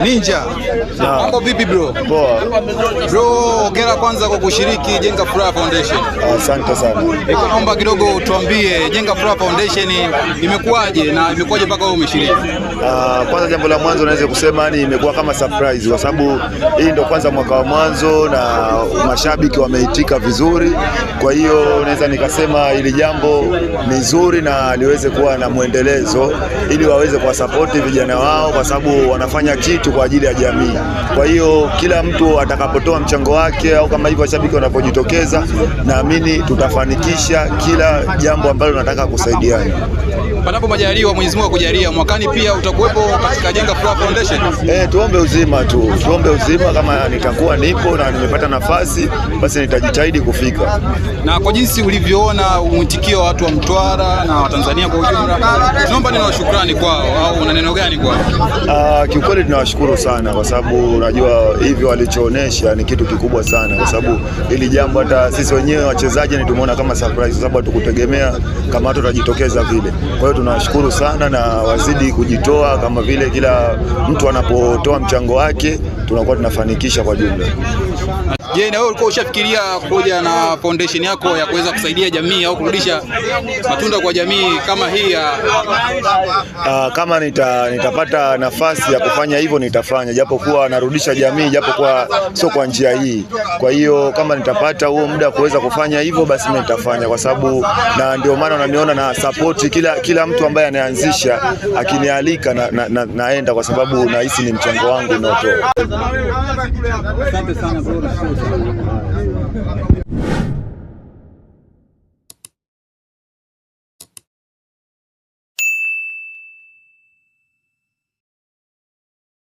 Ninja, mambo vipi bro? Poa. Bro, hongera kwanza kwa kushiriki Jenga Furaha Foundation. Asante sana. Niko naomba kidogo tuambie Jenga Furaha Foundation imekuwaje na imekuwaje mpaka wewe umeshiriki? Ah, kwanza jambo la mwanzo naweza kusema ni imekuwa kama surprise kwa sababu hii ndio kwanza mwaka wa mwanzo na mashabiki wameitika vizuri. Kwa hiyo naweza nikasema hili jambo ni zuri na liweze kuwa na mwendelezo ili waweze kuwasapoti vijana wao kwa sababu wanafanya kitu kitu kwa ajili ya jamii. Kwa hiyo kila mtu atakapotoa mchango wake au kama hivyo washabiki wanapojitokeza, naamini tutafanikisha kila jambo ambalo nataka kusaidiana panapo majaliwa Mwenyezi Mungu akujalia, mwakani pia utakuwepo katika Jenga Furaha Foundation. Eh, tuombe uzima tu, tuombe uzima. Kama nitakuwa nipo na nimepata nafasi, basi nitajitahidi kufika. Na kwa jinsi ulivyoona mwitikio wa watu wa Mtwara na Watanzania kwa ujumla, tunaomba neno la shukrani kwao, au una neno gani kwao? Ah, kiukweli tunawashukuru sana kwa sababu unajua hivyo walichoonesha ni kitu kikubwa sana, kwa sababu ili jambo hata sisi wenyewe wachezaji ni tumeona kama surprise, sababu hatukutegemea kama watu watajitokeza vile. Kwa hiyo tunawashukuru sana na wazidi kujitoa, kama vile kila mtu anapotoa mchango wake tunakuwa tunafanikisha kwa jumla. Je, na wewe ulikuwa ushafikiria kuja na foundation yako ya kuweza kusaidia jamii au kurudisha matunda kwa jamii kama hii ya uh, kama nita, nitapata nafasi ya kufanya hivyo nitafanya, japokuwa narudisha jamii, japokuwa sio kwa njia hii. Kwa hiyo kama nitapata huo muda wa kuweza kufanya hivyo, basi mimi nitafanya, kwa sababu na ndio maana unaniona na support kila, kila mtu ambaye anaanzisha akinialika na, na, na, naenda kwa sababu nahisi ni mchango wangu unaotoa. Asante sana bro. Okay.